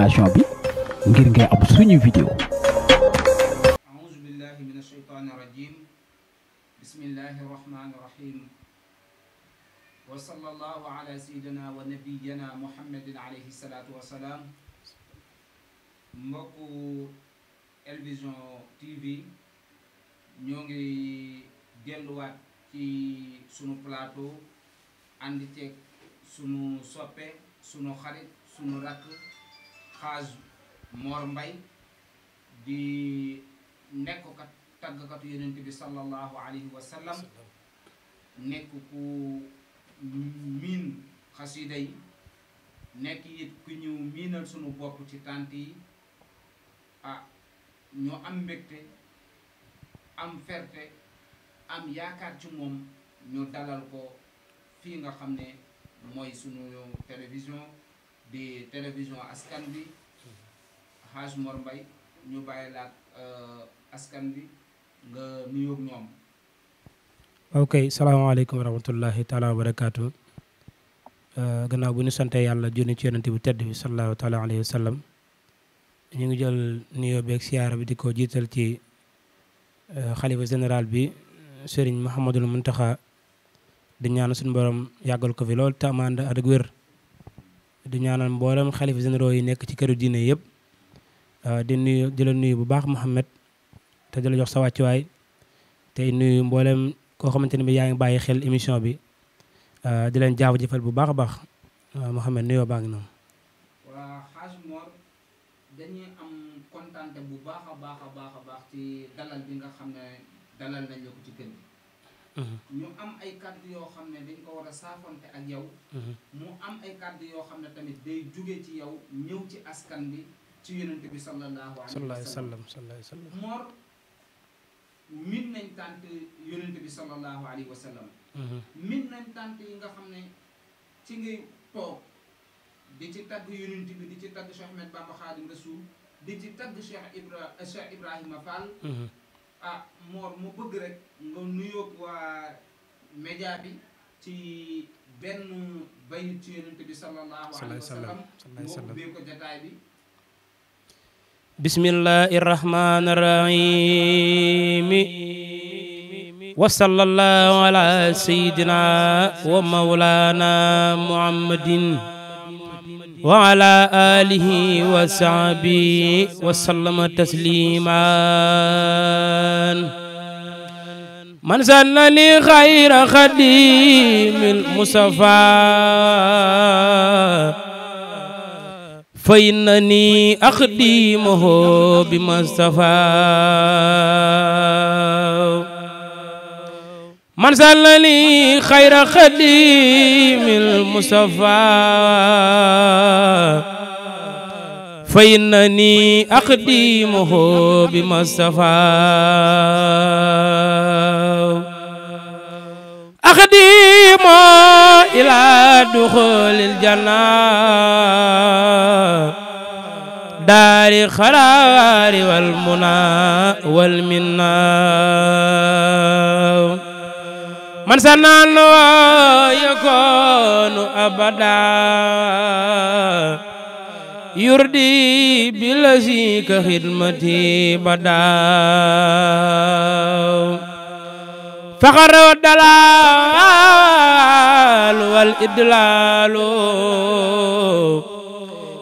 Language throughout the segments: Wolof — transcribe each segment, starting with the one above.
notification bi ngir ngay am suñu vidéo aouzu billahi min ashaytani rajim bismillahi rahmani rahim wa sallallahu ala sayyidina wa nabiyyina muhammadin alayhi salatu wa salaam mbokku Elvision TV ñoo ngi delluwaat ci sunu plateau ànd ceeg sunu soppe sunu xarit sunu rakk xaaj Mor Mbay di nekk kat tàggkatu yonent bi sallallahu alayhi wa nekk ku miin xasida yi nekk it ku ñëw miinal sunu bopp ci tànt yi ah ñoo am mbégte am ferte am yaakaar ci moom ñu dalal ko fii nga xam ne mooy sunu télévision di télévision askan bi Hadj Mor ñu bàyyi la euh, askan bi nga nuyoog ñoom. ok salaamaaleykum wa rahmatullahi taala wa barakaatu. Euh, gannaaw bu ñu santee yàlla junni ci yonent bu tedd bi sallallahu taala alayhi wa ñu ngi jël nuyoo beeg siyaara bi di ko jiital ci euh, xalifa général bi Serigne Mouhamadul Mountakha di ñaan suñu borom yàggal ko fi lool te amaand ak wér. du ñaanal mboolem xalifa généraux yi nekk ci këru diine yëpp ah, di nuyu di la nuyu bu baax Mouhamed te di la jox sa wàccuwaay tey nuyu mboolem koo xamante ne bi yaa ngi bàyyi xel émission bi ah, di leen jaaw jëfal bu baax a baax ah, Mouhamed nuyoo baa ngi noonu. waa xaaj Mor dañuy am kontaante bu baax a baax a baax ci dalal bi nga xam ne dalal nañ la ci kër Mm-hmm. ñu am ay kàddu yoo xam ne dañ ko war a saafante ak yow mm-hmm. mu am ay kàddu yoo xam ne tamit day jóge ci yow ñëw ci askan bi ci yonent bi sallallahu alayhi wa sallam moor min nañ tànt yonent bi sallallahu alayhi wa sallam min mm-hmm. nañ tànt yi nga xam ne ci ngay toog di ci tagg yonent bi di ci tagg Cheikh Ahmed Bamba Khadim Rasoul ah Mor mu bëgg rek nga nuyoog waa média bi ci benn bayit ci yonent bi sallallahu alayhi wa sallam mu ubbee ko jataay bi bismillahi rahmani rahimi wa sallallahu ala sayyidina wa maulana muhammadin وعلى آله وصحبه وسلم تسليما من سنني خير خديم المصطفى فإنني أخدمه بمصطفى من سالني خير خديم المصطفى فإنني أقدمه بمصطفى أقدم إلى دخول الجنة دار القرار والمنى والمنى من سنان ويكون أبدا يردي بلزيك خدمتي بدا فخر والدلال والإدلال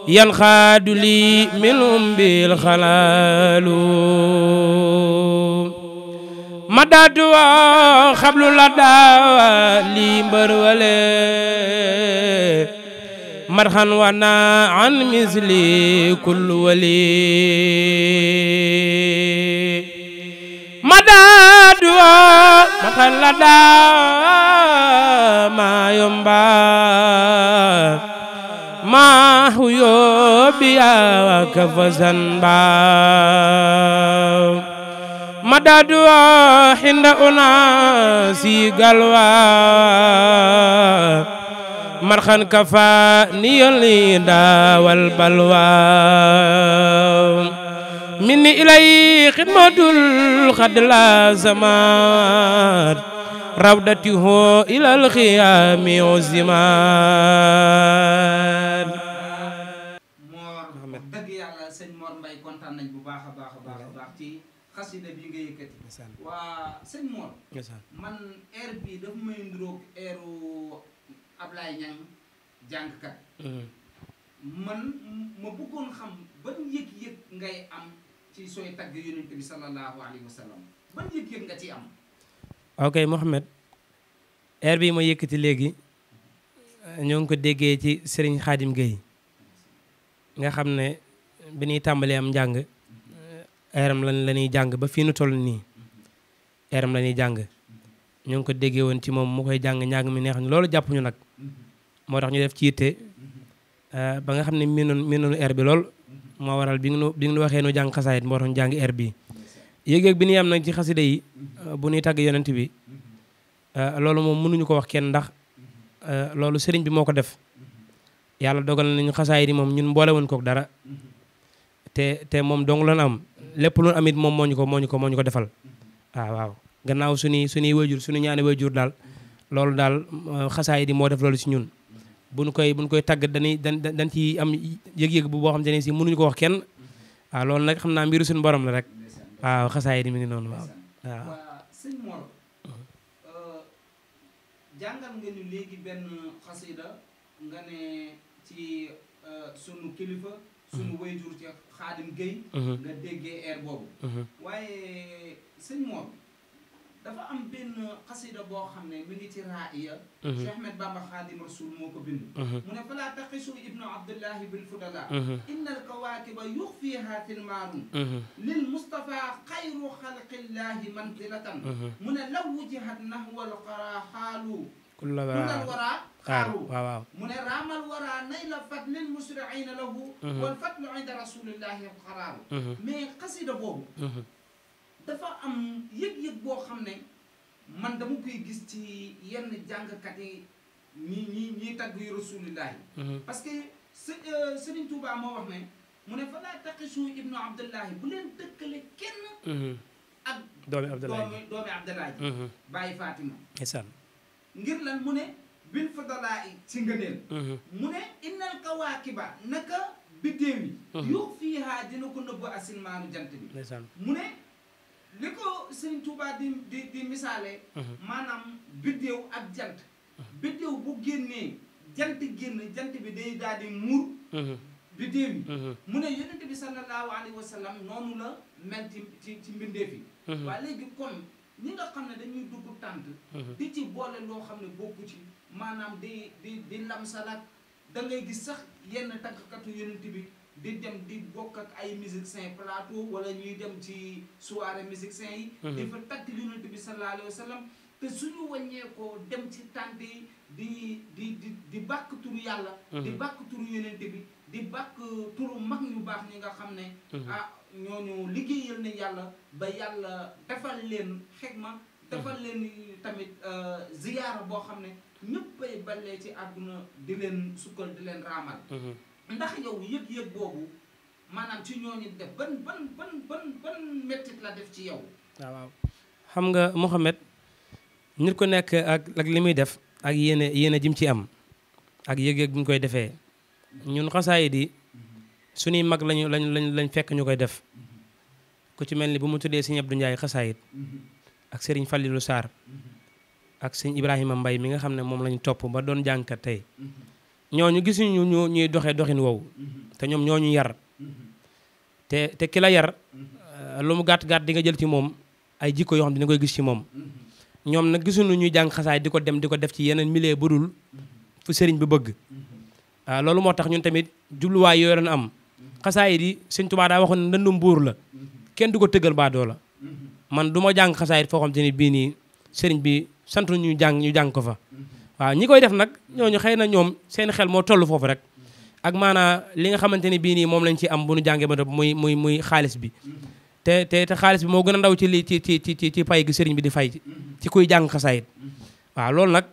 ينخاد لي منهم بالخلال ma daatu wa xablu la daawa lii mbër wale ma daatu wa ma yomba ma huyo biya wa kafa zanba مددوا حين أناسي قلوا مرخا كفاني الهدى والبلوى مني إلي خدمة الخد لازمات روضته إلى الخيام عزمات xasida bi nga yëkkati waa sëñ Mor man air bi dafa may nduroog airu Ablaye Niang jàngkat mhm. man ma bëggoon xam ban yëg-yëg ngay am ci sooy tagg yonent bi sallallahu alayhi wa sallam ban yëg-yëg nga ci am ok Mohamed air bi ma yëkkati léegi mhm. ñoo ngi ko déggee ci Serigne Khadim Gueye nga xam ne bi ñuy tàmbalee am njàng eram lan la jang ba fi nu toll nii eram la jang ñu ko déggé won ci mom mu koy jang ñaag mi neex ñu lolu japp ñu nak mo tax ñu def ci euh ba nga xam ne min miinoonu erbi bi lool waral bi nga bi ngi waxé nu jang xassayit mo tax jang jàng bi bi ni am nak ci xasside yi euh, bu ni tag yonent bi mom euh, moom mënuñu ko wax kenn ndax euh, lolu sëriñ bi moko def yalla dogal nañu xassayit mom ñun mbolé won ko dara te té mom dong lan am lepp lu amit mom moñ ko moñ ko moñ ko defal waaw waaw gannaaw suñuy suñuy wajur suñu ñaani wajur dal loolu dal euh, xasaay di mo def loolu ci ñun bu ñu koy bu ñu koy tag dañ dañ ci am yeg yeg bu bo xam te ci mënuñ ko wax kenn waaw loolu nak xamna mbiru suñu borom la rek waaw xasaay di mi ngi non waaw waaw sëñ Mor euh jangal nga ñu léegi ben xasida nga ne ci euh sunu kilifa suñu wayjur ca xaadim géy nga déggee air boobu waaye sëñ moom dafa am benn xasida boo xam ne mi ngi ci raaya Cheikh Ahmed Bamba Xaadim Rasul moo ko bind mu ne falaa taqisu ibnu abdullahi bil fudala inna al kawakiba yuxfiha tilmaarum lil mustafa xayru xalqillahi manzilatan mu ne law wujihat nahwa al xaalu كل الوراء قارو واو من رام الوراء نيل فتن المسرعين له والفتن عند رسول الله قرار مي قصيده بوب دفا ام يك يك بو خامني man dama koy gis ci yenn jàngkat yi ñi ñi ñiy tagg yu rasulillahi parce que s Sëriñ Tuubaa moo wax ne mu ne fa laa taqisu ibnu abdullahi bu leen dëkkale kenn ak doomi abdullahi doomi abdullahi bàyyi Fatima ngir lan mu ne bil fadalaa i si ngëneel mu ne innal kawaakiba naka biddéew yi yux fiihaa dina ko nëbb asilmaanu jant bi mu ne li ko sëñ Tuubaa di di di misaale maanaam biddéew ak jant biddéew bu génnee jant génn jant bi day daal di muur biddéew yi mu ne yonent bi sallallahu alayhi wa noonu la mel ci ci ci mbindeef yi waa léegi kon ñi nga xam ne dañuy dugg tànt mhm. di ci boole loo xam ne bokku ci maanaam di di di lamsalaat da ngay gis sax yenn takk tàggkatu yonent bi di dem di bokk ak ay musiciens plateau wala ñuy dem ci soirée musiciens yi mhm. di fa tagg yonent bi sallallahu alayhi wa sallam te suñu wàññeekoo dem ci tànt yi di di di di bàkk turu yàlla mhm. di bàkk turu yonent bi di bàkk turu mag ñu baax ñi nga xam ne ah ñooñu liggéeyal nañ yàlla ba yàlla defal leen xegma defal leen tamit euh, ziyaara boo xam ne ñëppay ballee ci àdduna di leen sukkal di leen raamal mhm. ndax yow yëg-yëg boobu maanaam ci ñooñu def ban ban ban ban mettit la def ci yow waaw xam nga Mouhamed ñu ko nekk ak ak li muy def ak yéene yéene jim ci am ak yëg-yëg ñu koy defee ñun xasaayid yi suñuy mag lañu lañ lañ lañ fekk ñu def ku ci mutu bu mu tuddé sëñ Abdou Ndiaye khassayit ak sëriñ Fallilou sar ak sëñ Ibrahima mbay mi nga xamne mom lañu top ba doon jànkat tay ñoñu gisunu ñu ñuy doxé doxine wow te ñom ñoñu yar te te ki la yar euh, lu mu gat gàtt di nga jël ci mom ay jikko yo xam dina koy gis ci mom ñom nag gisunu ñuy jank xasaay diko dem diko def ci yenen milé budul fu sëriñ bi bëgg euh, lolu motax ñun tamit am xasaayit yi sëñ Tuubaa daa waxoon ne ndëndum buur la kenn du ko tëggal baadoo la man du ma jàng xasaayit foo xam te ni bii nii sëriñ bi sant ñu jàng ñu jàng ko fa waaw ñi koy def nag ñooñu xëy na ñoom seen xel moo toll foofu rek ak maanaa li nga xamante ni bii nii moom lañ ci am bu ñu jàngee ba muy muy muy xaalis bi te te te xaalis bi moo gën a ndaw ci li ci ci ci ci pay gi sëriñ bi di fay ci kuy jàng xasaayit waaw loolu nag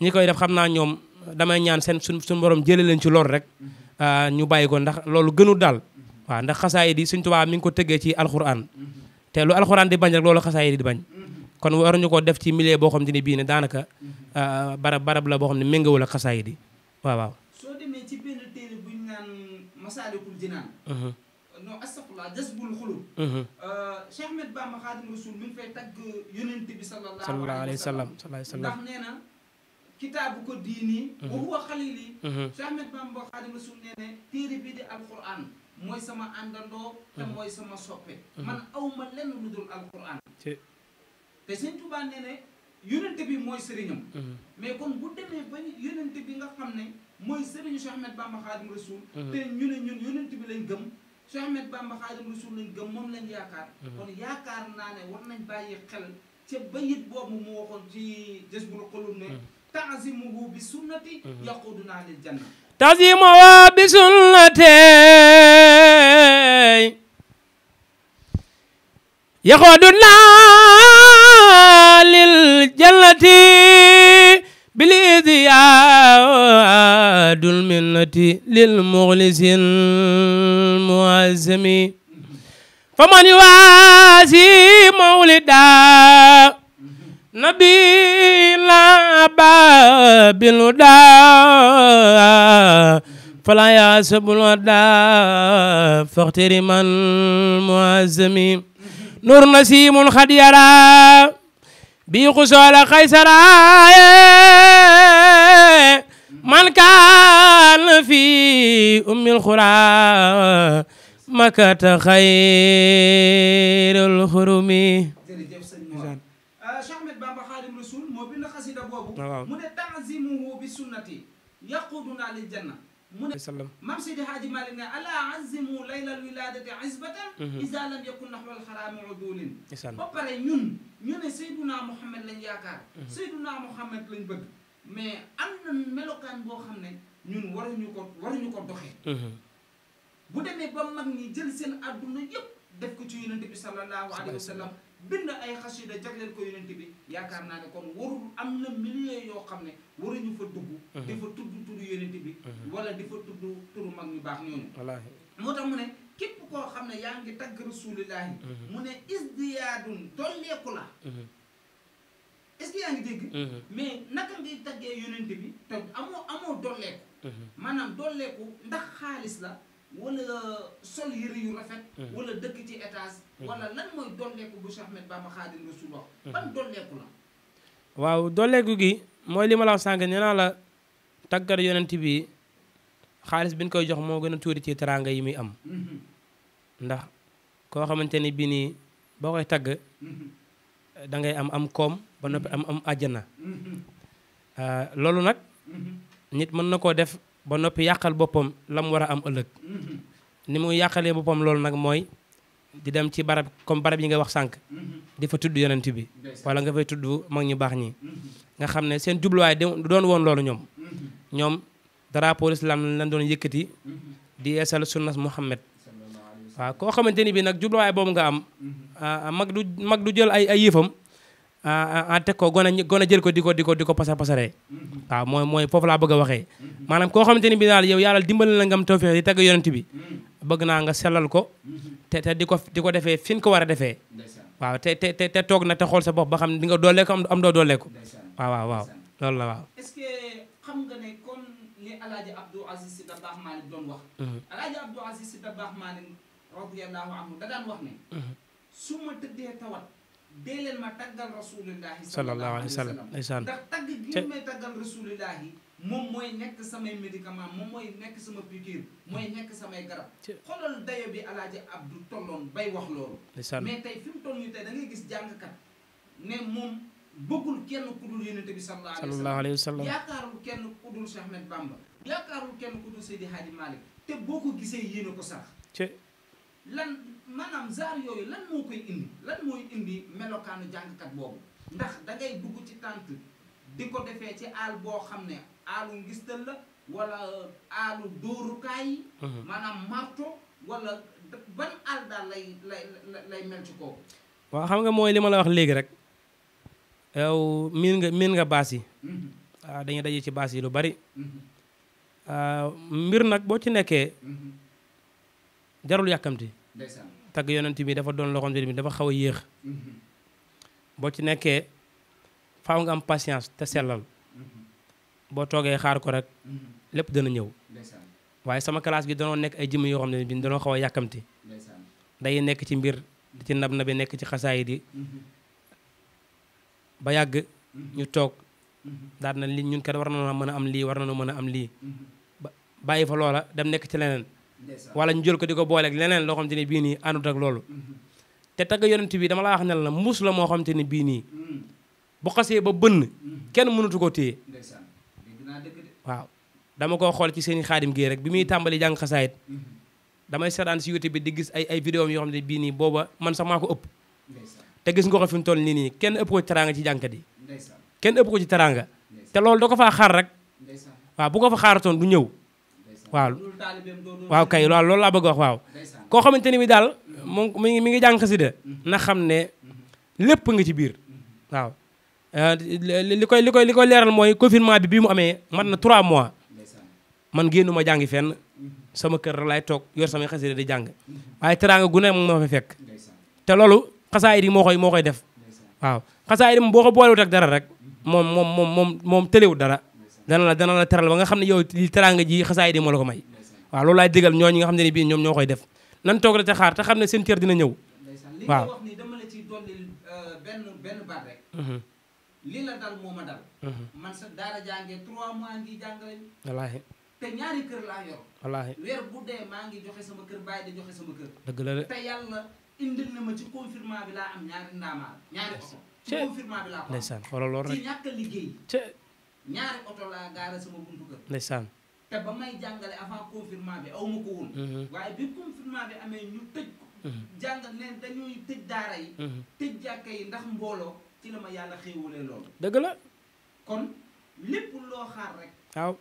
ñi koy def xam naa ñoom damay ñaan seen suñ suñu borom jëlee leen ci lool rek Euh, ñu bàyyi ko ndax loolu gënul daal waaw ndax xasaay di suñ tubaab mi ngi ko tëggee ci alxuraan te lu alxuraan di bañ rek loolu xasaay di bañ kon waruñu ko def ci milieu boo xam te ni bii ne daanaka euh, barab barab la boo xam ne méngawul ak xasaay naan Masaalikul Jinaan. Mhm. non astafurlah Jazbul Xulub. Mhm. Euh, Cheikh Ahmed Bamba Xaadimu Rasuul mi ngi fay tagg yonent bi sallallahu alayhi wa sallam ndax kitaabu ko diini mhm. wa huwa xalili mhm. Cheikh Ahmed Bamba Xaadimu Rasuul nee ne téere bi di alquran mooy sama àndandoo te mhm. mooy sama soppe man awma lenn lu dul alquran te sëñ Tuubaa nee ne yónente bi mooy sëriñam mais kon bu demee ba yónente bi nga xam ne mooy sëriñu Cheikh baa Bamba Xaadimu Rasuul te ñu ne ñun yónente bi lañ gëm Cheikh Ahmed Bamba Xaadimu Rasuul lañ gëm moom lañ yaakaar kon yaakaar naa ne war nañ bàyyi xel ba bayit boobu mu waxoon ci jës bul xolum تعزمه بسنتي يقودنا للجنة تعزمه بسنتي يقودنا للجنة بالإذياد المنة للمغلس المعزم فمن يوازي مولدا نبيلا باب الهدى فلا يعصب ودا فاغتر من معزم نور نسيم الخديرا بيقصوا على قيصر من كان في أم الخرا مكة خير الخرمي waaw mu ne taazimuhu bi sunnati yaquduna lil janna mu ne sallam mam seydi haaji malik ne ala azimu laylal wiladati isbatan isa lam yakun nahwal xaraami udulin ba pare ñun ñu ne seyduna mouhammad lañ yaakaar seyduna mouhammad lañ bëgg mais am na melokaan boo xam ne ñun waruñu ko waruñu ko doxee bu demee ba mag ñi jël seen àdduna yëpp def ko ci yonente bi sallallahu alayhi wa sallam bind ay xasida jagleel ko yonent bi yaakaar naa ne kon warul am na millions yoo xam ne waruñu fa dugg mhm. di fa tudd turu yonent bi mhm. wala di fa tudd turu mag ñu baax ñooñu moo tax mu ne képp koo xam ne yaa ngi tagg rasulillahi mhm. mu ne isdiyaadun dolleeku la est-ce que yaa ngi dégg mais naka ngay taggee yonent bi te amoo amoo dolleeku maanaam dolleeku ndax xaalis la Mm-hmm. Mm-hmm. Mm-hmm. waaw dolleeku gi mooy li ma la naa la tàggat yonent bi xaalis bi ñu koy jox moo gën a tuuti ci teraanga yi muy am. ndax koo xamante ni bii nii boo koy tagg dangay am am koom ba noppi am am àjjana. Ah, loolu nag nit mën na koo def. ba noppi yàqal boppam la mu war a am ëllëg mm-hmm. ni mu yàqalee boppam loolu nag mooy di dem ci barab comme barab yi nga wax sànq mm-hmm. di fa tudd yonent bi wala nga fay tudd mag ñu baax ñi mm-hmm. nga xam ne seen jubluwaay doon woon loolu ñoom ñoom drapeau lan lan doon yëkkati di yeesal sunnas Muhammad waaw koo xamante ni bi nag jubluwaay boobu nga am ah, ah, mag du mag du jël ay ay yëfam ah teg ko ko di ko ko di ko pasar pasaree waaw mooy mooy foofu laa bëgg waxee maanaam koo xamante ni bi daal yow yàlla dimbal na ngam tawfeex di tagg bëgg naa nga sellal ko te te di ko di ko defee fi nga ko war a defee waaw te te te toog na te xool sa bopp ba xam ne di nga am doo doolee ko waaw waaw waaw la waaw mhm. mhm. su ma tëddee tawat dee leen ma taggal rasulillahi sallallahu alayhi wa sallam ndeysaan ndax tagg gi may taggal rasulillahi moom mooy nekk samay médicament moom mooy nekk sama piqûre mooy nekk samay garab xoolal dayo bi alaaji abdu tolloon bay wax loolu mais tey fi mu toll nii tey da gis jàngkat ne moom bëggul kenn ku dul yonente bi sallallahu alayhi wa sallam yaakaarul kenn ku dul Cheikh Ahmed Bamba yaakaarul kenn ku dul Seydi te boo ko gisee yéene ko sax lan maanaam genre yooyu lan moo koy indi lan mooy indi melokaanu jàngkat boobu ndax dangay dugg ci tànt di ko defee ci aal boo xam ne aalu ngistal la wala euh, aalu dóorukaay yi mhm. marto wala ban aal daal lay mel ci kooku waaw xam nga mooy li ma la wax léegi rek yow miin nga miin nga baas yi waaw mhm. ah, dañuy daje ci baas yi lu bari mhm. ah, mbir nag boo ci nekkee jarul yàkkamti tagg yonent bi dafa doon loo bi dafa xaw a yéex mm-hmm. boo ci nekkee faaw nga am patience te sellal mm-hmm. boo toogee xaar ko rek mm-hmm. lépp dana ñëw waaye sama kalaas bi danoo nekk ay jimm yoo xam ne bi danoo xaw a yàkkamti day nekk ci mbir di ci nab nabi nekk ci xasaay di ba yàgg ñu toog daal na li ñun kat war na mën a am lii war na mën a am lii bàyyi fa loola dem nekk ci leneen wala ñu jël ko diko bolé ak leneen lo xamanteni bi ni andut ak lolu mm-hmm. té tagg yonent bi dama la wax ne na mbuus mo xamanteni bi ni mm. bu xasse ba bënn mm-hmm. kenn mënatu ko té waaw dama ko xol ci seen i gi rek bi muy tàmbali jàng xasaayit mm-hmm. damay sétane ci YouTube bi di gis ay ay vidéo yo xamanteni bi ni boba man sax ko ëpp gis nga ko fim toll ni ni kenn upp ko ci teraanga ci jànkat kenn ko ci teraanga té lolu da ko xaar rek waaw bu ko fa xaaratoon du ñew waaw waaw kay waaw loolu laa bëgg wax waaw koo xamante ni bi daal mu mi mi ngi jàng de na xam ne lépp nga ci biir waaw euh, li koy li koy li koy leeral mooy confinement bi bi mu amee mat na 3 mois man génnuma jàngi fenn sama kër lay toog yor sama xasida di jàng waaye teraanga gu ne moom ma fa fekk te loolu xasaayid yi moo koy moo koy def waaw xasaayid yi moom boo ko boolewut ak dara rek moom moom moom moom moom dara dana la dana la teral ba nga xam ne yow li teraanga ji xasaay di moo la ko may waaw loolu laay digal ñoo ñi nga xam ne ni bii ñoom ñoo koy def nan toog rek te xaar te xam ne seen cër dina ñëw li nga wax ni dama la ci dolli euh, benn mhm. dal moo ma dal mhm. man sa trois maa ngi joxe sama kër di te yàlla indil na ma ci confirmation bi laa am ñaari ndaamaa ci confirmation bi laa xoolal loolu rek ñaari oto laa gaare sama buntu kër. ndeysaan. te ba may jàngale avant confinement bi aw ma ko woon. Mhm. waaye bi confinement bi amee ñu tëj ko. Mhm. jàngal ne dañuy tëj daara yi. Mhm. tëj jàkka yi ndax mbooloo ci la ma yàlla xéewalee loolu. dëgg la. kon lépp loo xaar rek. waaw.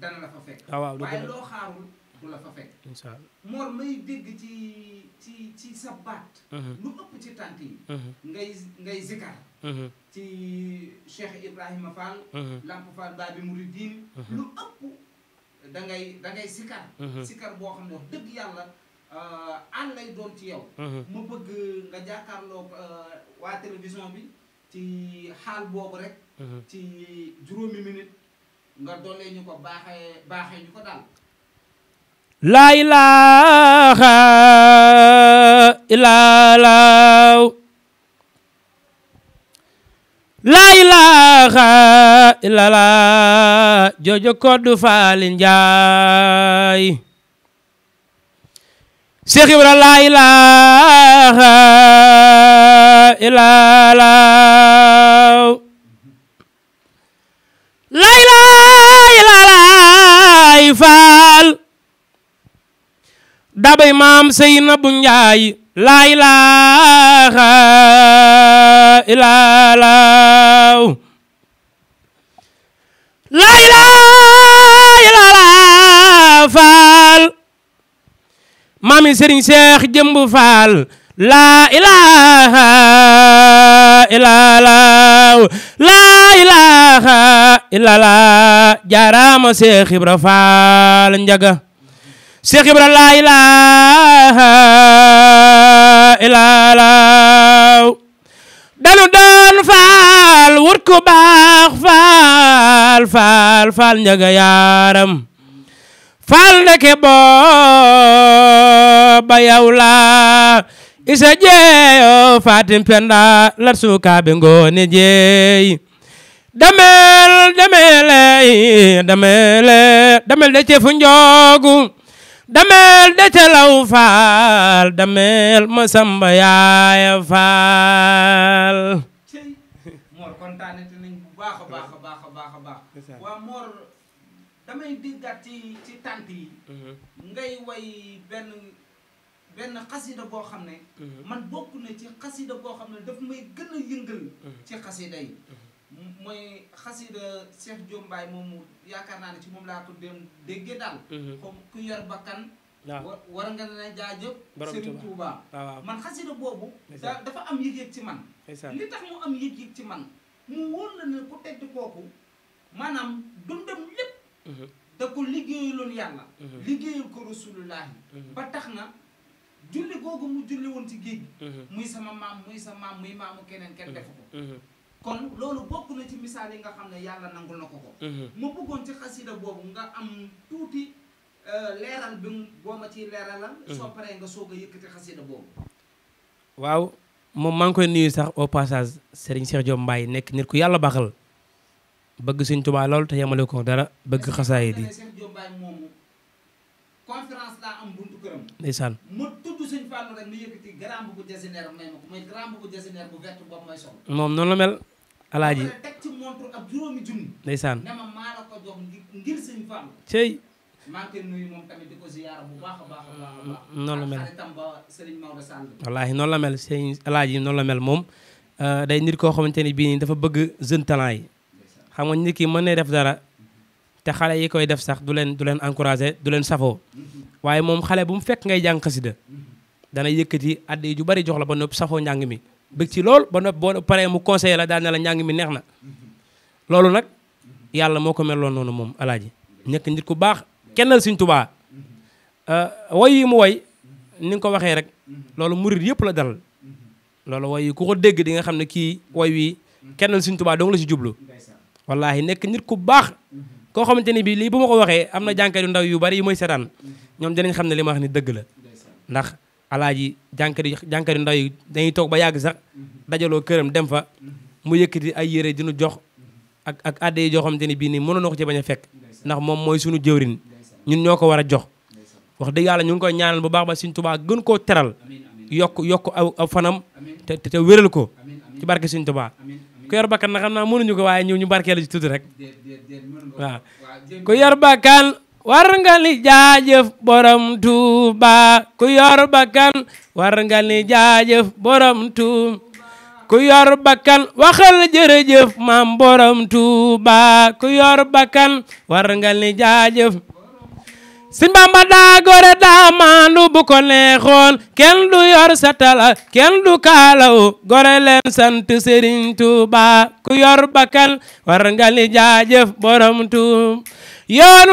dana la fa fekk. waaye loo xaarul. du la fa fekk. may dégg ci ci ci sa baat. Mm-hmm. lu ëpp ci tànk yi. Mm-hmm. ngay ngay zikar. Mm-hmm. ci Cheikh Ibrahima Fall. Lamp Fall Babi Mouridine. lu ëpp da ngay da ngay boo xam ne wax dëgg yàlla. an euh, lay doon ci yow. ma bëgg nga jàkkaarloog euh, waa télévision bi ci xaal boobu rek. ci juróomi minute nga doole ñu ko baaxee baaxee ñu ko daal. la ilaha illallah la ilaha illallah jojo koddu faalin jaay Cheikh Ibra la ilaha illallah la ilaha illallah faal dabay maam Seynabu Njaay laa laa ilaaha illallaah faal maami Sëriñ Seex Jëmbu Faal laa ilaaha laa ilaaha illallaah Seex Ibra Faal njaga Cheikh Ibra laa ilaaha illallaah danu doon faal wut ku baax faal faal faal njaga yaaram faal ndeke booba yow laa isa jeeyo fatim penda lat suukaaɓe ngoone jeey damel damele damele damel de cefu njoogu dameel de calaw faal dameel ma samba yaaya faal moor kontaanate nañ bu baax baax a baax a baax a baax waa moor damay diggaat ci ci tànt yi mhm. ngay way benn benn xasida boo xam ne mhm. man bokk ci xasida boo xam ne daf may gën a yëngal mhm. ci xasida yi mooy xasida Cheikh Diop Mbaye moomu yaakaar naa ne ci moom laa ko dem déggee daal. Mhm. ku yor bakkan. waaw war nga ne jaajëf. Serigne Touba man xasida boobu. dafa am yëg-yëg ci man. li tax mu am yëg-yëg ci man mu wóor la ne ku tedd kooku maanaam dundam lépp. Mhm. da ko liggéeyaloon yàlla. Mhm. liggéeyul ko rasulullahi ba tax na. julli googu mu julli woon ci géej gi. muy sama maam muy sa maam muy maamu keneen kenn defu ko. kon loolu bokk na ci misaal nga xam ne yàlla nangul na ko ko mhm. ma bëggoon ci xasida boobu nga am tuuti euh, leeral bi boo ciy leeralal mhm. soo paree nga soog a yëkkati xasida boobu waaw moom maa ngi koy nuyu sax au passage Serigne Cheikh Diop Mbaye nekk nit ku yàlla baaxal bëgg Sëriñ Tuubaa loolu te yemale ko dara bëgg xasaayid yi conférence ndeysaan mu tudd sëñ Fallou rek mu yëkkati grand bu jasineer may ma ko mooy grand bu bu vert boobu mooy sol moom noonu la mel alaaji teg la mel xaritam ba la mel moom euh, day nit koo xamante ni bii nii dafa bëgg jeune xam nga ki mën na def te xale yi koy def sax du leen du leen encouragé du leen safoo waaye moom xale bu mu fekk ngay jàng xasida dana yëkkati addi ju bari jox la ba noppi safoo njàng mi bëgg ci lool ba noppi boo paree mu conseillé la daan njàng mi neex na loolu nag yàlla moo ko meloon noonu moom alaaji nekk nit ku baax kennal Sëñ Tuubaa euh, woy yi mu woy ni ko waxee rek loolu murit yëpp la dal loolu woy dégg di nga xam ne kii woy wi kennal Sëñ Tuubaa dong la si jublu wallaahi nekk nit baax koo xamante ni bii lii bu ma ko waxee am na jànkat yu ndaw yu bari yu mooy seetaan ñoom dinañ xam ne li ma wax ni dëgg la ndax alaaji jànkat yu jànkat yu ndaw yi dañuy toog ba yàgg sax dajaloo këram dem fa mu yëkkati ay yére dinu jox ak ak adde yi joo xamante ni bii nii mënoon na ko ci bañ a fekk ndax moom mooy suñu jëwrin ñun ñoo ko war a jox wax dëgg yàlla ñu ngi koy ñaanal bu baax ba Sëñ Tuubaa gën koo teral yokk yokk aw fanam te te wéral ko ci barke Sëñ Tuubaa ku yor bakkan na xam naa mënuñu ko waaye ñëw ñu barkeelu rek waaw ku yor war nga ni jaajëf borom Tuuba ku yor bakkan war nga ni jaajëf borom borom Tuuba ku yor bakkan war nga ni jaajëf sin bamba daa gore daa maandu bu ko neexoon kenn du yor satala kenn du kaalaw gore leen sant Serigne Touba ku yor bakkan war nga li jaajëf borom tuum yor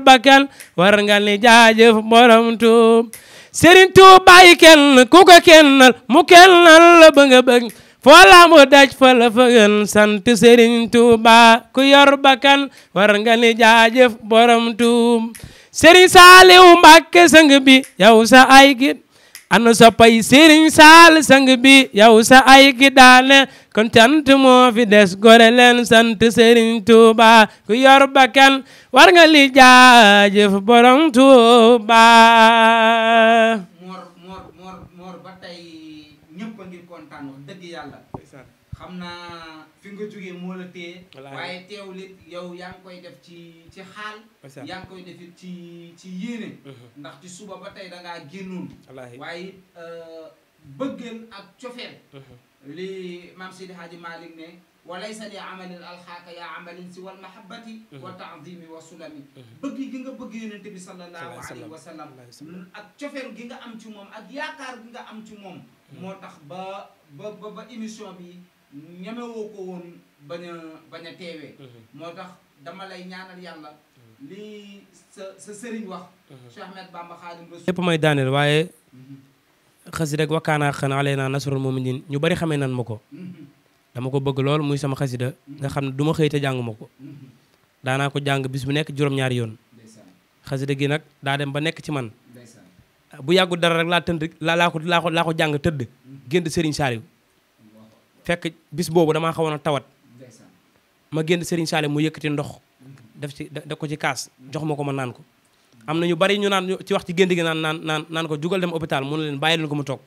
bakkan war nga li jaajëf borom tuum Serigne Touba yi kenn ku ko kennal mu kennal la bëgg foo laamu daj fa la fa gën sant Serigne Touba ku yor bakkan war nga jaajëf borom tuum Serigne Saliou Mbacké sang bi yow sa ay gi ana sa pay Serigne Sall sang bi yow sa ay gi daane kon cant moo fi des gore leen sant Serigne Touba ku yor bakkan war li jaajëf borom Touba yàlla xam naa fi nga jógee moo la téye waaye teew lit yow yaa ngi koy def ci ci xaal yaa ngi koy defit ci ci yéene mhm. ndax ci suba ba tey da ngaa génnoon waaye euh, bëggeen ak cofeel mhm. li maam Seydi Hadji Malick ne وليس لعمل الالحاق يا عمل سوى المحبه والتعظيم والسلم بغي غيغا بغي النبي صلى الله عليه وسلم اك تيفر غيغا ام تي موم اك ياكار غيغا ام تي موم موتاخ با با با ايميشن بي نيميوكو وون بانا بانا تيوي موتاخ داما لاي نيانال يالا لي س سيرين واخ شيخ احمد بامبا خادم رسول ماي دانيل واي خزي رك وكانا خنا علينا نصر المؤمنين ني بري خامي نان مكو dama ko bëgg lool muy sama xasida nga xam ne du ma xëy te jànguma ko daanaa ko jàng bis bu nekk juróom-ñaari yoon xasida gi nag daa dem ba nekk ci man bu yàggul dara rek laa tënd la laa ko laa ko laa ko jàng tëdd génn Serigne Saliou fekk bis boobu dama xawoon a tawat ma génn Serigne Saliou mu yëkkati ndox def ci def ko ci kaas jox ma ko ma naan ko am na ñu bari ñu naan ci wax ci gént gi naan naan naan ko jugal dem hôpital mu ne leen bàyyi leen ko mu toog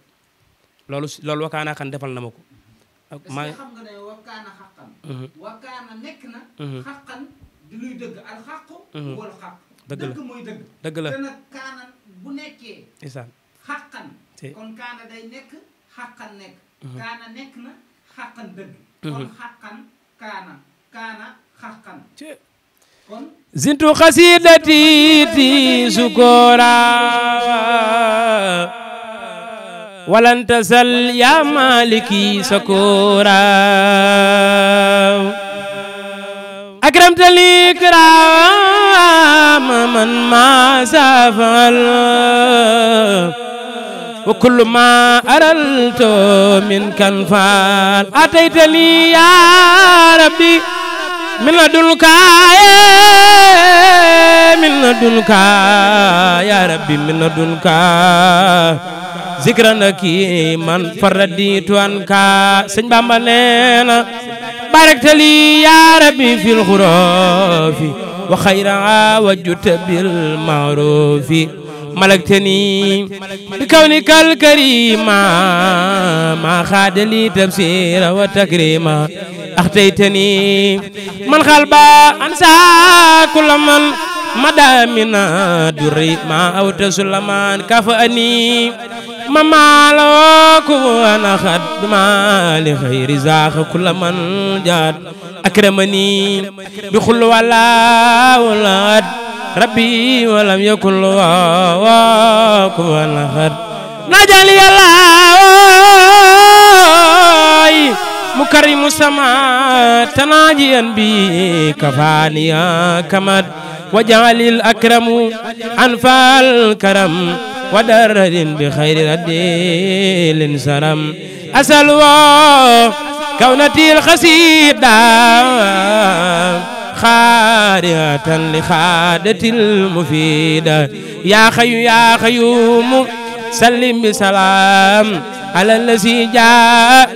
loolu loolu wakaanaa xan defal na ak maa xam nga ne wakkaana xaqan. Mhm. nekk na. Mhm. xaqan di luy dëgg al xaqu. Mhm. wala xaq. dëgg la dëgg dëgg. la kaana bu nekkee. xaqan. kon kaana day nekk xaqan nekk. kaana nekk na xaqan dëgg. kon xaqan kaana kaana xaqan. kon. zintu xasidati ti sukora. ولن تزل يا مالكي سكورا أكرمت لي كرام من ما سافل وكل ما أرلت من كنفال أتيت لي يا ربي من لدنك من لدنك يا ربي من لدنك zikran ki man faraditu an ka sëñ Bamba nee na baraktali ya rabbi fil xuroofi wa xayra wa jutta bil maarufi malaktani bi kawnikal karima ma xaadali tabsira wa takrima axtaytani man xalba ansa kulla man madamina durri ma awta sulaman kafa ani ما مالك وانا خد مالي زاخ كل من جاد اكرمني بخل ولا ولاد ربي ولم يكن لواك وانا خد نجل يلا مكرم سما تناجيا بي كفانيا كمد وجعل الأكرم أنفى الكرم ودرر بخير الدين سرم أسألوا كونتي الخسيدة خارعة لخادة المفيدة يا خيو يا خيوم سلم بسلام على الذي جاء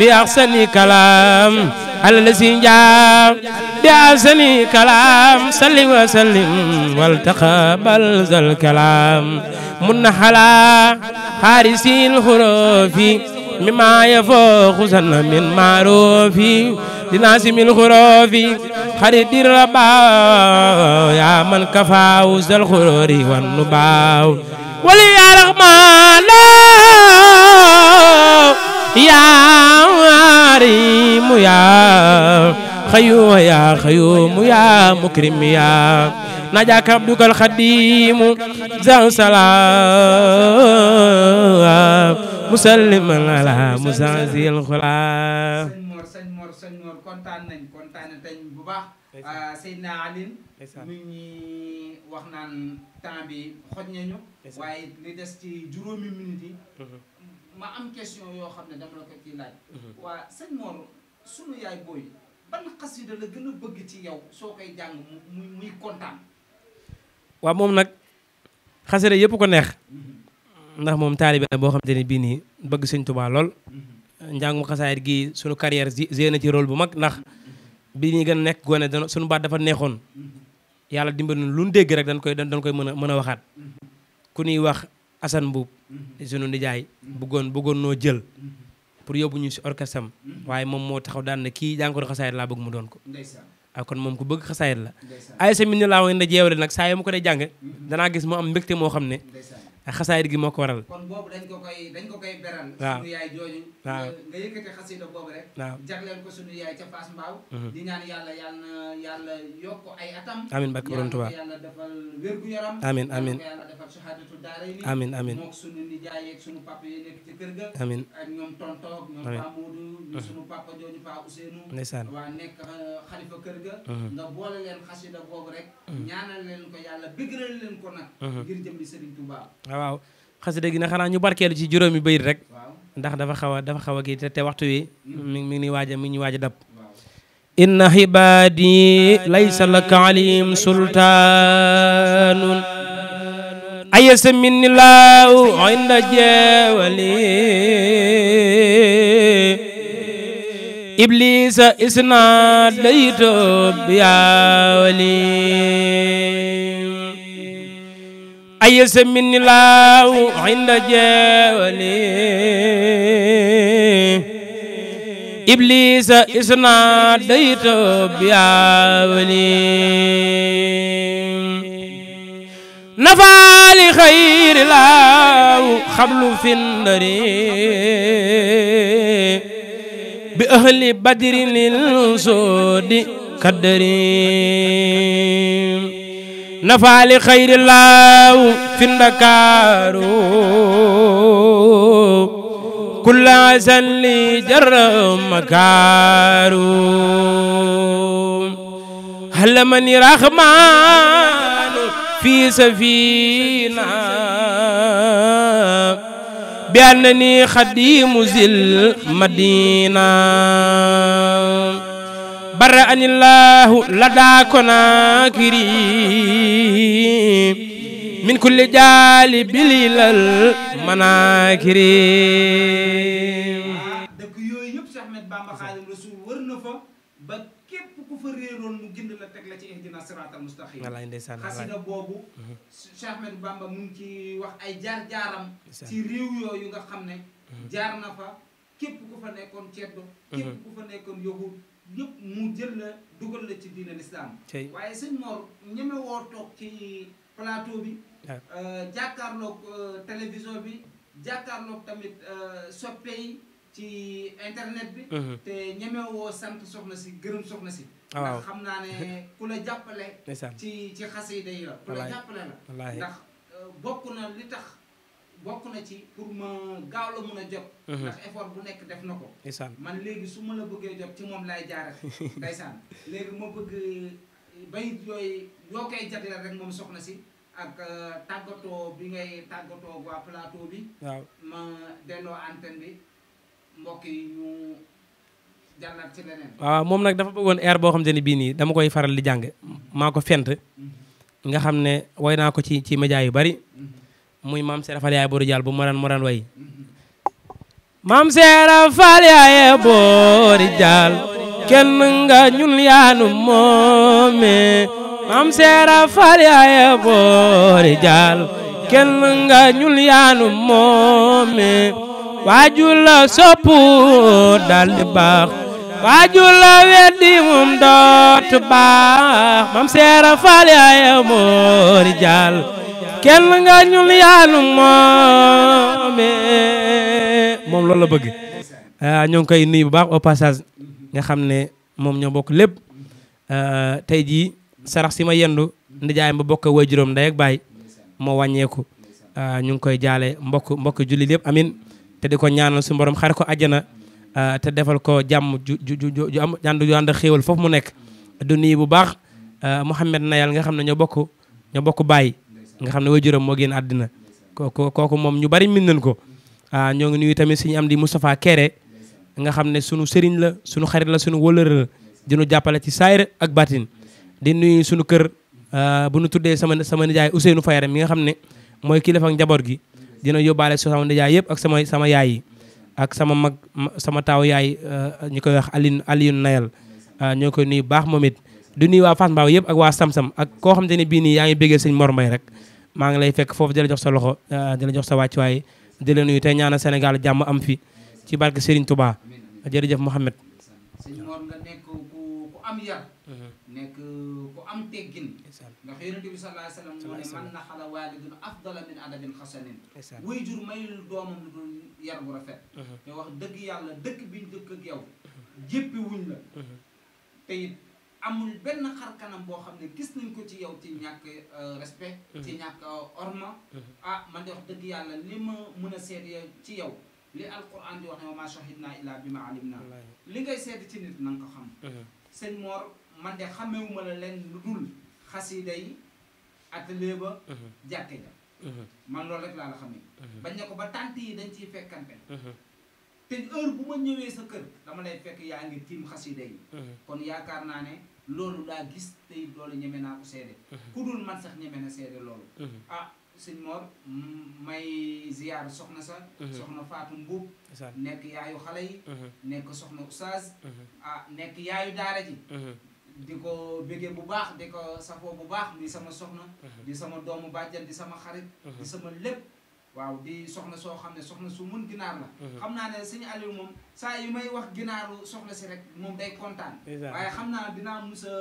بأحسن كلام الذي جاء بأحسن كلام صل وسلم والتقبل ذا الكلام من حلا حارسي الخروف مما يفوق سن من معروف لناسم الخروف خريد الربا يا من كفاه ذا الخرور والنباو ولي يا رغمان يا كريم يا خيو يا خيوم يا مكرم يا نجاك عبدك الخديم زاو سلام مسلما على مزازي الخلا sëñ Mor sëñ Mor kontaan nañ kontaan nañ bu baax ah, Seydina Aline mi ngi wax naan temps bi xoj nañu waaye li des ci juróomi minutes yi mhm. ma am question yo xamne dama la ko ciy laaj. Mhm. wa señ Mor sunu yaay boy, ban qasida la gëna bëgg ci yow soo koy jàng muy muy kontaan. wa mom nak xasira yëpp ko neex. Mhm. ndax mom talibé bo xamanteni bi ni bëgg señ touba lol mhm. jang mu xasaayit gi sunu carrière zéna ci rôle bu mag nak bi ni gën nekk dana sunu baat dafa neexon yalla dimbal lu ñu dégg rek dañ koy dañ koy mëna mëna waxat kuni ku wax asan sunu nijaay bëggoon bëggoon noo jël pour yóbbu ñu si orchestre am waaye moom moo taxaw daan na kii jàngkatu la laa bëgg mu doon ko ak ah, kon moom ku bëgg xasaayit la ay sa min ni laa woon da jeewale nag saa yo mu ko dee jàng danaa gis mu am mbégte moo xam ne ak xasaayid gi moo ko waral. kon boobu dañ ko koy beral. waaw yaay jooju. nga yëkkati xasida boobu rek. nga boole xasida boobu rek. Mhm. ñaanal ko yàlla bëggal ko nag. Mhm. ngir jëm di Sëriñ Tuubaa Ah, waaw xasida gi na xanaa ñu barkeelu ci juróomi bayit rek ndax dafa xaw a dafa xaw a kii te waxtu wi mi hmm. mi ngi a mi ngi waaj a dab inna xibaadi laysa laka alayhim sultaanun ayasa minni laahu inda jeewali iblisa isna dayto biyaawali أيس من الله عند جوالي إبليس إسنا ديت بيابلي نفال خير الله خبل في النار بأهل بدر للصود كدري نفعل خير الله في النكار كل عزل لجر مكار هل من رحمن في سفينة بأنني خديم زل مدينة bara anillahu ladaa konaakiri min kulli jaali bililal manaakiri dëkk yooyu yëpp Cheikh Ahmed Bamba Xaadimu Rasuul wër na fa ba képp ku fa réeroon mu gind la teg la ci ihdina siraatal mustaqiim wallaay ndeysaan boobu mhm. Cheikh Ahmed Bamba mu ngi ci wax ay jaar-jaaram ci réew yooyu nga xam ne mhm. jaar na fa képp ku fa nekkoon ceddo mhm. képp ku fa nekkoon yahud yëpp mu jël la dugal la ci diina lislaam waaye sëñ Mor ñeme woo toog ci plateau bi euh, jàkkaarloog euh, télévision bi jàkkaarlook tamit euh, soppe yi ci internet bi mhm. te ñeme sant soxna si gërëm soxna si ah, ndax xam naa ne ku la jàppale ci ci xasida yi la ku la jàppale la ndax bokk na li tax bokk na ci pour ma gaaw la mhm. ndax effort bu nekk def na ko man léegi su la bëggee jot ci moom lay jaaral ndeysaan léegi ma bëgg eh, bayit yooyu yoo koy rek moom soxna si ak eh, tàggatoo bi ngay tàggatoo waa plateau bi ma delloo antenne bi mbokk ñu jàllat ci dafa air boo xam te ne dama koy faral di jàng mhm. maa ko mhm. nga ko ci ci média yu bari muy maam Seera Fall yaay boori bu maran maran way maam Seera Fall yaay boori jàll kenn nga ñun moome maam Seera Fall yaay boori jàll kenn nga ñun moome waajur la soppu dal di baax waajur weddi moom dootu baax maam Seera Fall yaay boori kenn nga ñun yaanu moome moom lool la bëgg ah, ñoo ngi koy nuyu bu baax au passage nga xam ne moom ñoo bokk lépp ah, tey jii sarax si ma yendu ndijaayam ba bokk way juróom ndey ak baay moo wàññeeku ah, ñu ngi koy jaale mbokk mbokk jullit yëpp amin te di ko ñaanal su borom xare ko àjjana te defal ko jàmm ju ju ju ànd ju ànd foofu mu nekk du nuyu bu baax na Nayal nga xam ne ñoo bokk ñoo bokk baay nga xam ne waajuram moo génn àddina kooku kooku moom ñu bari min nañ ko ah ñoo ngi nuy tamit suñu am di Moustapha kere nga xam ne sunu sëriñ la sunu xarit la sunu wëlëre la dinu jàppale ci saayir ak baatin di nuyu sunu kër ah, bu nu tuddee sama sama nijaay Ousseynou Fayare mi nga xam ne mooy kilifa ak njaboot gi dina yóbbaale sama nijaay yëpp ak sama sama yaay ak sama mag sama taaw yaay ah, ñu koy wax Alioune Nayal ah, ñoo koy nuyu baax moom it du nuyu waa Fass Mbao yëpp ak waa Samsam ak koo xamante ne bii nii yaa ngi béggee sëñ Mor Mbaye rek maa ngi lay fekk foofu di la jox sa loxo euh, di jox sa wàccuwaay di la nuyu tey jàmm am fi ci barke Serigne Touba jërëjëf Mouhamed. sëñ Mor nga nekk ku am mhm. euh, bi sallallahu alayhi wasallam wuy jur mayul doomam lu dul yar bu rafet. Mhm. te wax dëgg yàlla dëkk biñ dëkk yow jéppi wuñ la mhm. amul benn xar kanam boo xam ne gis nañ ko ci yow ci ñàkk euh, respect mm-hmm. ci ñàkk euh, orma mm-hmm. ah man de wax dëgg yàlla li ma mën a seede ci yow al alquran di wax ne wa ma shahidna illa bi ma alim na li ngay seede ci nit na xam mm-hmm. seen Mor man de xamewuma la leen lu dul xasida yi atelier ba jàkke ja man loolu rek laa la xamee bañ ne ko ba tànt yi dañ ciy fekkante te heure bu ma ñëwee sa kër dama lay fekk yaa ngi tiim xasida yi kon yaakaar naa ne loolu daa gis tey loolu ñeme naa ko seede mhm. ku dul man sax ñeme na seede loolu mhm. ah sëñ Mor may ziyaar soxna sa mhm. soxna Faatu Mbuub nekk yaayu xale yi nekk soxna Oustaz ah nekk yaayu daara ji di ko béggee bu baax di ko safoo bu baax di sama soxna di sama doomu bàjjan di sama xarit di sama lépp waaw di soxna soo xam ne soxna su mun ginaar la mhm. xam naa ne suñu Aliou moom saa yu may wax ginaaru soxna si rek moom day kontaan waaye xam naa dinaa mus a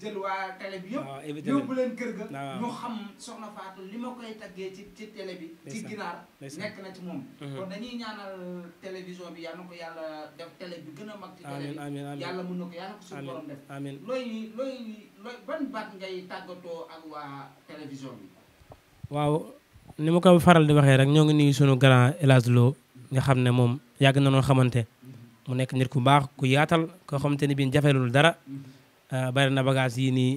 jël waa télé bi yëpp ah, yóbbu leen kër ga ah. ñu xam soxna Fatou li ma koy taggee ci ci télé bi ci ginaar nekk na ci moom mhm. kon dañuy ñaanal télévision bi yal na ko yàlla def télé bi gën a mag ci télé bi yàlla mun na ko yàlla ko suñu borom def looy looy looy ban baat ngay tàggatoo ak waa télévision bi waaw ni ma ko faral di waxee rek ñoo ngi nuyu sunu grand El Hadj Lo nga xam ne moom yàgg na noo xamante mu nekk nit ku baax ku yaatal koo xamante ni bii jafelul dara ah, bari na bagage yi nii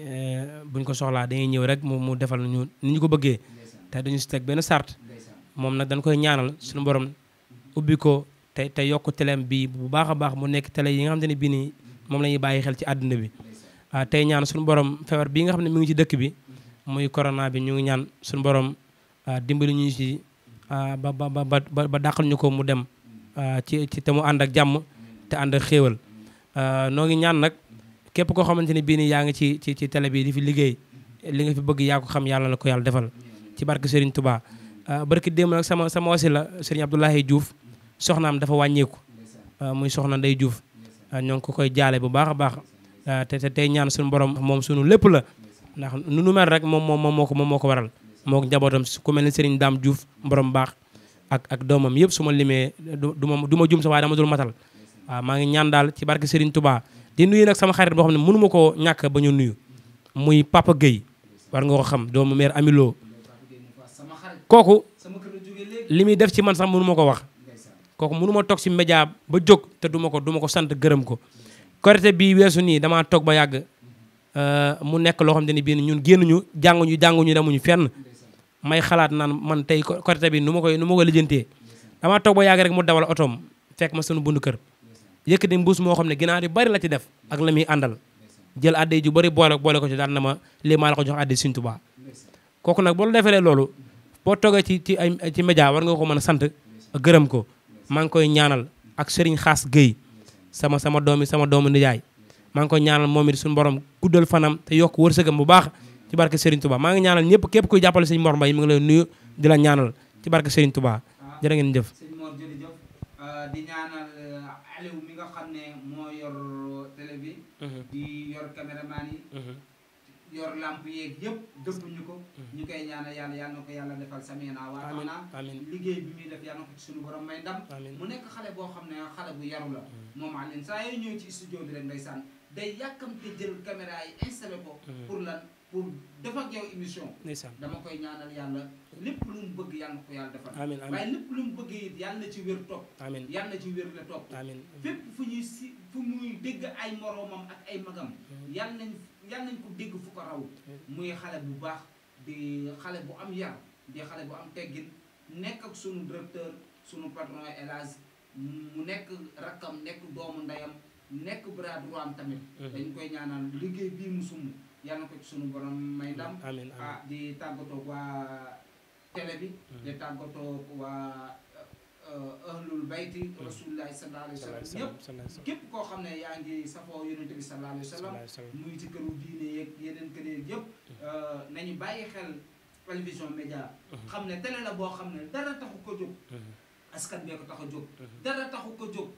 eh, buñ ko soxlaa dañuy ñëw rek mu mu defal ñu ni ñu ko bëggee te dañu si teg benn sart moom nag dañ koy ñaanal suñu borom ubbi ko te te yokk teleem bi bu baax a baax mu nekk tele yi nga xamante ne bii nii moom lañuy ñuy bàyyi xel ci àdduna bi ah, tey ñaan suñu borom feebar bii nga xam ne mi ngi ci dëkk bi muy corona bi ñu ngi ñaan suñu borom Ah, dimbali ñu ci ah, ba ba ba ba dàqal ñu ko mu dem ah, ci ci te mu ànd ak jàmm te ànd ak xéewal noo ngi ñaan nag képp koo xamante ne bii nii yaa ngi ci ci ci télé bi di fi liggéey li nga fi bëgg yaa ko xam yàlla la ko yàlla defal ci barke Serigne Touba. barke démb nag sama sama wasi la Serigne Abdoulaye Diouf soxnaam dafa wàññeeku muy soxna Ndeye juuf ñoo ngi ko koy jaale bu baax a baax te te tey ñaan suñu borom moom sunu lépp la ndax nu nu mel rek moom moom moo ko moom moo ko waral. mok njabotam ku melni Serigne dam djouf borom bax ak ak domam yeb suma limé duma duma djum jum sa way dama dul matal wa ma ngi ñaan dal ci barke Serigne Touba di nuyu nak sama xarit bo xamne munu mënu ñak ba ñu nuyu muy Papa Guèye war nga ko xam doomu mère Amiloo koku limi def ci man sax mënu ma ko wax koku mënu ma toog si ba jog te duma ko duma ko sant gërem ko korité bi wessu ni dama tok ba euh mu nekk loo xam ne ni bii ñun génnuñu jànguñu jànguñu ñu fenn may xalaat naan man tey Korité bi nu ma koy nu ma koy lijjantee damaa toog ba yàgg rek mu dawal otoom fekk ma sunu bundu kër yëkkati mbuus moo xam ne ginaar yu bari la ci def ak la muy àndal jël adde ju bari boole ko ci daan na ma lii la ko jox adde Sëriñ Tuubaa kooku nag boo defalee loolu boo toogee ci ci ay ci média war nga ko man a sant gërëm ko maa ngi koy ñaanal ak Serigne Xaas Guèye sama sama doomi sama doomu nijaay maa ngi koy ñaanal moom it suñu borom guddal fanam ci barke Serigne Touba maa ngi ñaanal ñëpp képp kuy jàppale sëñ Mor Mbaye mi ngi la ñaanal ci barke Serigne Touba ah, jërë ngeen jëf. Ah, di ñaanal ah, Aliou mi nga xam ne moo yor télé bi. Mhm. di yor caméraman yi. Mhm. yor lamp yeeg yëpp dëppuñu ko. Mhm. ñu koy ñaanal yàlla yàlla na ko yàlla defal samiina waa liggéey bi muy def yàlla na ko ci suñu borom may ndam. mu nekk xale boo xam ne xale bu yaru la. moom Alioune saa yoo ñëw ci studio bi rek ndeysaan day yàkkamte jël caméra yi installé ko. pour lan. pour def ak yow émission. dama koy ñaanal yàlla lépp lu mu bëgg yàlla na ko yàlla defal. waaye lépp lu mu bëggee it yàlla na ci wér topp. amiin yàlla na ci wér la topp. amiin fépp fu ñuy si fu muy dégg ay moroomam ak ay magam. yàlla nañ yàlla nañ ko dégg fu ko raw. muy xale bu baax di xale bu am yar di xale bu am teggin nekk ak sunu directeur sunu patron El mu nekk rakkam nekk doomu ndeyam nekk bras droit am tamit. dañ koy ñaanal liggéey bii mu sumb. yal na ko ci suñu borom may ndam mm, amiin ah di tàggatoo waa télé bi mm. di tàggatoo waa euh, ahlul bayti mm. rasulillahi sallallahu alayhi wa sallam ñëpp képp koo xam ne yaa ngi safoo yonente bi sallallahu alayhi wa sallam muy ci këru diine yeeg yeneen kër yeeg yëpp euh, nañu bàyyi xel télévision média mm-hmm. xam ne télé la boo xam ne dara taxu ko jóg mm-hmm. askan bee ko tax a jóg mm-hmm. dara taxu ko jóg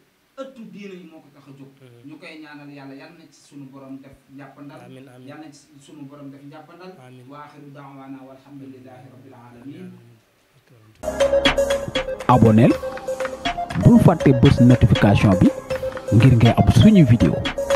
ëttu diine yi moo ko tax mm-hmm. koy ñaanal yàlla yàlla na ci sunu borom def njàppandal yàlla na ci sunu bul fàtte bés notification bi ngir ngay am suñu vidéo